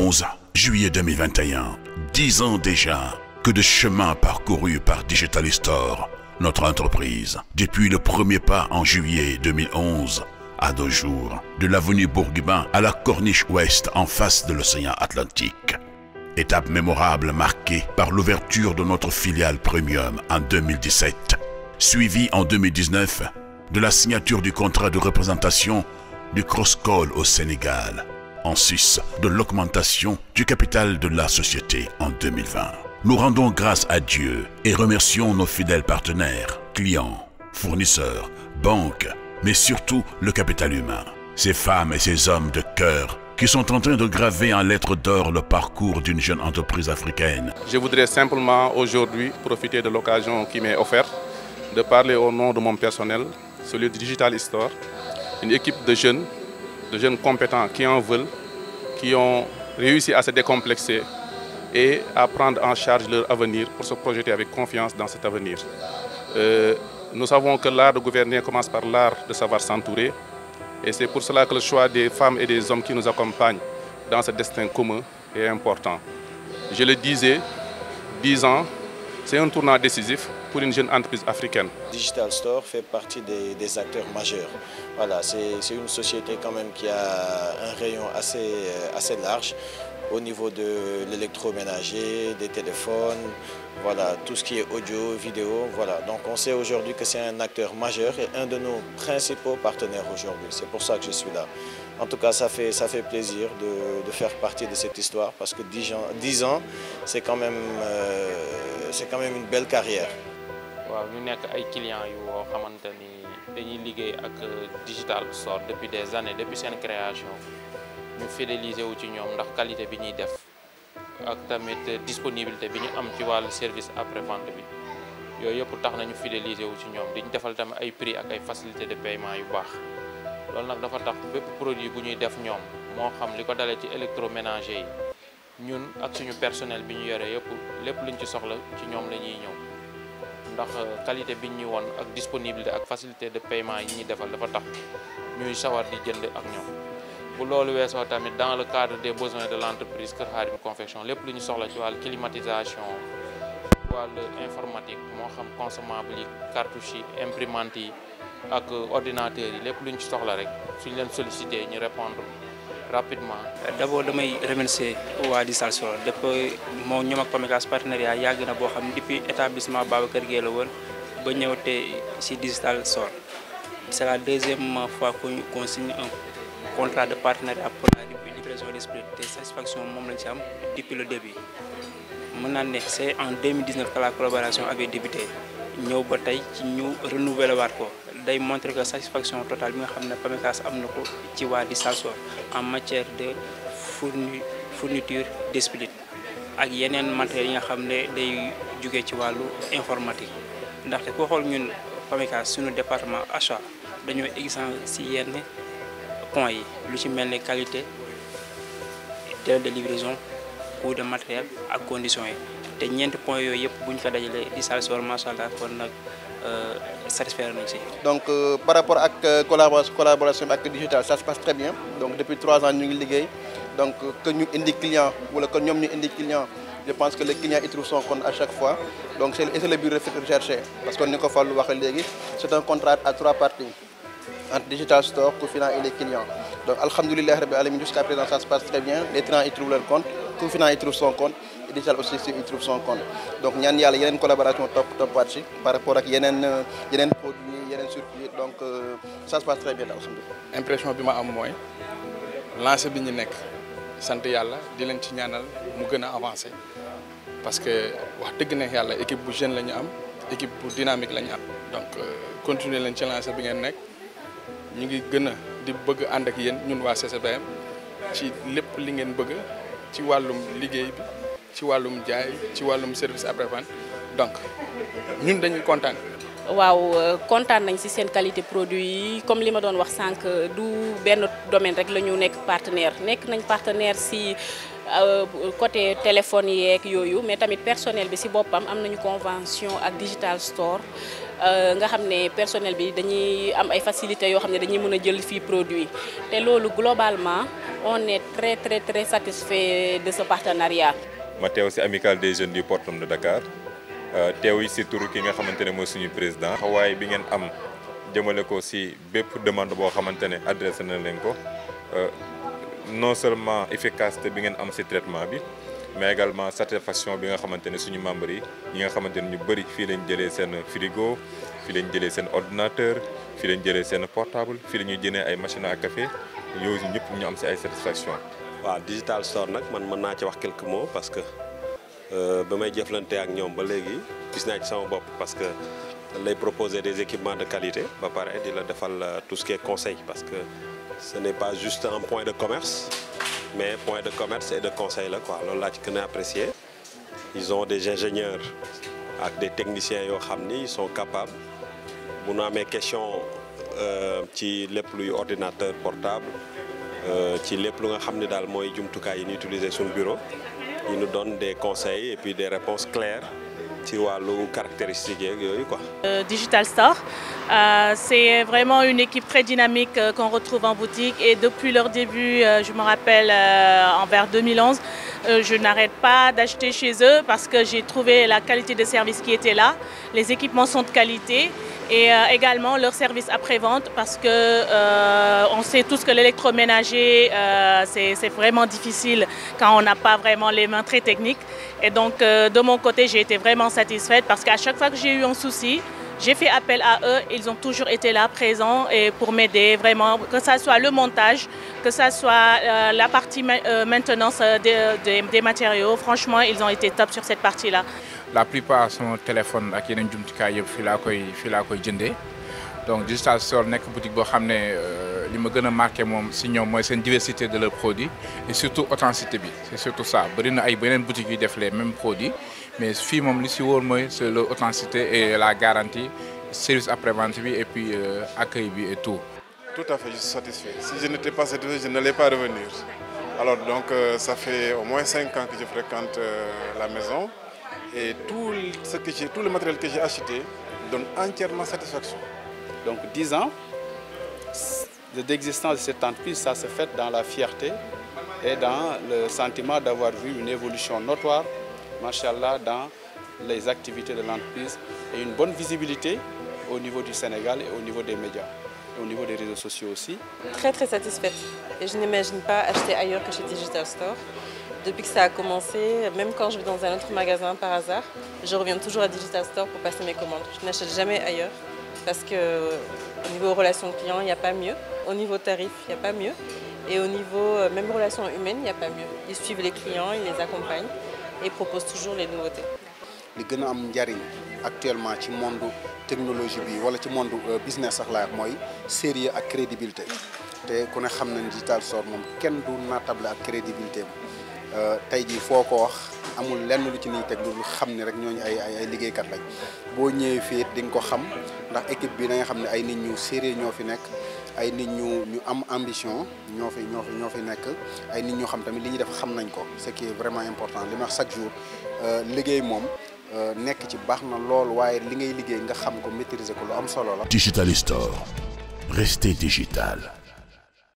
11 juillet 2021, 10 ans déjà que de chemin parcouru par Digital Store, notre entreprise. Depuis le premier pas en juillet 2011 à nos jours, de l'avenue Bourguiba à la corniche ouest en face de l'océan Atlantique. Étape mémorable marquée par l'ouverture de notre filiale Premium en 2017, suivie en 2019 de la signature du contrat de représentation du Crosscall au Sénégal. en 6 de l'augmentation du capital de la société en 2020. Nous rendons grâce à Dieu et remercions nos fidèles partenaires, clients, fournisseurs, banques, mais surtout le capital humain. Ces femmes et ces hommes de cœur qui sont en train de graver en lettres d'or le parcours d'une jeune entreprise africaine. Je voudrais simplement aujourd'hui profiter de l'occasion qui m'est offerte de parler au nom de mon personnel, celui du Digital Store, une équipe de jeunes de jeunes compétents qui en veulent, qui ont réussi à se décomplexer et à prendre en charge leur avenir pour se projeter avec confiance dans cet avenir. Euh, nous savons que l'art de gouverner commence par l'art de savoir s'entourer et c'est pour cela que le choix des femmes et des hommes qui nous accompagnent dans ce destin commun et important. Je le disais, 10 ans, c'est un tournant décisif pour une jeune entreprise africaine. Digital Store fait partie des, des acteurs majeurs. Voilà, c'est une société quand même qui a un rayon euh, assez, large au niveau de l'électroménager, des téléphones, voilà, tout ce qui est audio, vidéo, Donc on sait aujourd'hui que c'est un acteur majeur et un de nos principaux partenaires aujourd'hui. C'est pour ça que je suis là. En tout cas, ça fait, plaisir de, de faire partie de cette histoire parce que 10 ans, 10 ans c'est quand, même, euh, une belle carrière. waaw ñu nekk ay clients yu woo xamante ni dañuy liggéey ak euh, digital store depuis des années depuis seen création ñu fidéliser wu ci ñoom ndax qualité bi ñuy def ak tamit euh, disponibilité bi ñu am ci wàll service après vente bi yooyu yëpp tax nañu fidéliser wu ci ñoom di defal tamit ay prix ak ay facilité de paiement yu baax loolu nag dafa tax bépp produit bu ñuy def ñoom moo xam li ko dalee ci électroménager yi ñun ak suñu personnel bi ñu yore yëpp lépp luñ ci soxla ci ñoom la ñuy ñëw ndax euh, qualité bi ñu woon ak disponibilité ak facilité de paiement yi ñuy defal dafa tax ñuy sawar di jënd ak ñoom bu loolu weesoo tamit dans le cadre des besoins de l'entreprise Kër Harim Confection lépp lu ñu soxla ci wàllu climatisation wàllu informatique moo xam consommable yi cartouche yi imprimante yi ak ordinateur yi lépp lu ñu ci soxla rek ñu leen sollicité ñu répondre rapidement. d' abord damay remercier waa di Sal Solar depuis moom ñoom ak Pamecas partenariat yàgg na boo xam ne depuis établissement Babacar gee la woon ba ñëw te si Digital Solar c' est la deuxièmement fois que ñu consigne un contrat de partenariat pour la livraison des spirits te satisfaction moom lañ ci am depuis le début mën naa ne c' est en 2019 que la collaboration avait débuté ñëw ba tey ci ñëw renouveler waat ko. day montrer que satisfaction totale bi nga xam ne PAMECAS am na ko ci waa di Salsor en matière de fourni fourniture des ak yeneen matériels yi nga xam ne day jóge ci wàllu informatique ndaxte ko xool ñun PAMECAS suñu département achat dañoo exigent si yenn point yi lu ci mel ni qualité te de livraison coût de matériel ak conditions yi te ñeenti points yooyu yëpp bu ñu ko dajalee di Salsor macha allah kon nag. Euh, satisfaire nañ si. donc euh, par rapport ak euh, collaboration collaboration bi ak digital ça se passe très bien depuis trois ans ñu ngi donc que ñu indi client que ñoom ñu indi client. je pense que le client y trouve son compte à chaque fois donc le but recherché parce que ni ko Fallou à trois parties entre digital store Kofina et les clients donc alhamdulilah rabbi alamin jusqu'à présent ça se passe très bien les clients y trouvent leur compte Kofina y trouve son Rijal aussi si il trouve son compte donc ñaan yàlla yeneen collaboration topp toppaat si par rapport ak yeneen euh, yeneen produits yeneen circuit donc euh, ça se passe très bien bi ma am mooy lancé bi ñu nekk sant yàlla di leen ci ñaanal mu gën a avancé parce que wax dëgg ne yàlla équipe bu jeune la ñu am équipe bu dynamique la ñu am donc euh, continuer leen ci lancé bi ngeen nekk ñu ngi gën a di bëgg ànd ak yéen ñun waa CCBM ci lépp li ngeen bëgg ci wàllum liggéey bi ci wàllum jaay ci wàllum service après-vente donc ñun dañuy kontaan. waaw euh, kontaan nañ ci seen qualité produit yi comme li ma doon wax sànq du benn domaine rek la ñu nekk partenaire nekk nañ partenaire ci euh, côté téléphone yeeg yooyu mais tamit personnel bi ci boppam am nañu convention ak digital store euh, nga xam ne personnel bi dañuy am ay facilités yoo xam ne dañuy mën a jël fii produit te loolu globalement on est très très très satisfait de sa partenariat. ma teew si amicale des jeunes di Portum de Dakar euh, teew yi si tur ki nga xamante ne mooy suñu président. xawaay bi ngeen am jëmale ko si bépp demande boo xamante ne adressé na leen ko euh, non seulement efficacité bi ngeen am si traitement bi mais également satisfaction bi nga xamante ne suñu membres yi ñi nga xamante ne ñu bëri fii lañ jëlee seen frigo fii lañ jëlee seen ordinateur fii lañ jëlee seen portable fii la ñuy jënee ay machine à café yooyu ñëpp ñu am si ay satisfaction waaw digital store nag man mën naa ci wax quelques mots parce que euh, ba may jëflante ak ñoom ba léegi gis naa ci sama bopp parce que lay proposer des équipements de qualité ba pare di la defal euh, tout ce conseil parce que ce n'est pas juste un point de commerce mais point de commerce et de conseil la quoi loolu laa ci gën a apprécié ils ont des ingénieurs ak des techniciens yoo xam ni ils sont capables bu nu amee questions euh, ci lépp luy ordinateurs portable Euh, ci lépp lu nga xam ne daal mooy jumtukaay yi utiliser suñu bureau ñu nu des conseils puis des réponses claires ci wàllu caractéristiques yeeg yooyu quoi. Euh, Digital Store euh, c'est vraiment une équipe très dynamique euh, qu'on retrouve en boutique et depuis leur début euh, je me rappelle en vers 2011 je n'arrête pas d'acheter chez eux parce que j'ai trouvé la qualité de service qui était là les équipements sont de qualité. et euh, également leur service après-vente parce que euh, on sait tous que l'électroménager, euh, c'est vraiment difficile quand on n'a pas vraiment les mains très techniques. Et donc, euh, de mon côté, j'ai été vraiment satisfaite parce qu'à chaque fois que j'ai eu un souci, j'ai fait appel à eux, ils ont toujours été là, présents, et pour m'aider vraiment, que ce soit le montage, que ce soit euh, la partie ma euh, maintenance euh, des, des, des matériaux. Franchement, ils ont été top sur cette partie-là. la plupart sama téléphone ak yeneen jumtukaay yëpp fii laa koy fii laa koy jëndee donc digital nekk boutique boo xam ne euh, li ma gën a marqué moom si ñoom mooy seen diversité de leurs produits et surtout authenticité bi c'est surtout ça bëri na ay beneen boutiques yu def les mêmes produits mais fii moom li si wóor mooy c'est l'authenticité et la garantie service après-vente bi et puis euh, accueil bi et tout. Tout à fait, je suis satisfait. Si je n'étais pas satisfait, je n'allais pas revenir. donc, euh, ça fait au moins 5 euh, la maison. Et tout, ce tout le matériel que j'ai acheté donne entièrement satisfaction. Donc 10 ans d'existence de, de cette entreprise, ça se fait dans la fierté et dans le sentiment d'avoir vu une évolution notoire, machallah, dans les activités de l'entreprise et une bonne visibilité au niveau du Sénégal et au niveau des médias, et au niveau des réseaux sociaux aussi. Très je n'imagine pas acheter ailleurs que chez Digital Store. depuis que ça a commencé, même quand je vais dans un autre magasin par hasard, je reviens toujours à Digital Store pour passer mes commandes. Je n'achète jamais ailleurs parce que euh, au niveau relations clients, il n'y a pas mieux. Au niveau tarif, il n'y a pas mieux. Et au niveau euh, même relations humaines, il n'y suivent les clients, ils les accompagnent et proposent les nouveautés. li gën a am njariñ actuellement ci monde technologie bi wala ci monde euh, business sax laa mooy sérieux ak crédibilité mm. te ku ne xam na ne Digital Store moom kenn du naatable ak crédibilité am Euh, tey jii foo ko wax amul lenn lu ci niy teg lu xam ne rek ñooñu ay ay ay liggéeykat lañ boo ñëwee fii di nga ko xam ndax équipe bi da xam ne ay nit ñu sérieux ñoo fi nekk ay nit ñu ñu am ambition ñoo fi ñoo ñoo fi nekk ay nit ñoo xam tamit li ñuy def xam nañ ko ce qui est vraiment important li ma wax chaque euh, liggéey moom euh, nekk ci baax na lool waaye li ngay liggéey nga xam ko maîtriser ko lu am solo la. Digital Store restez digital.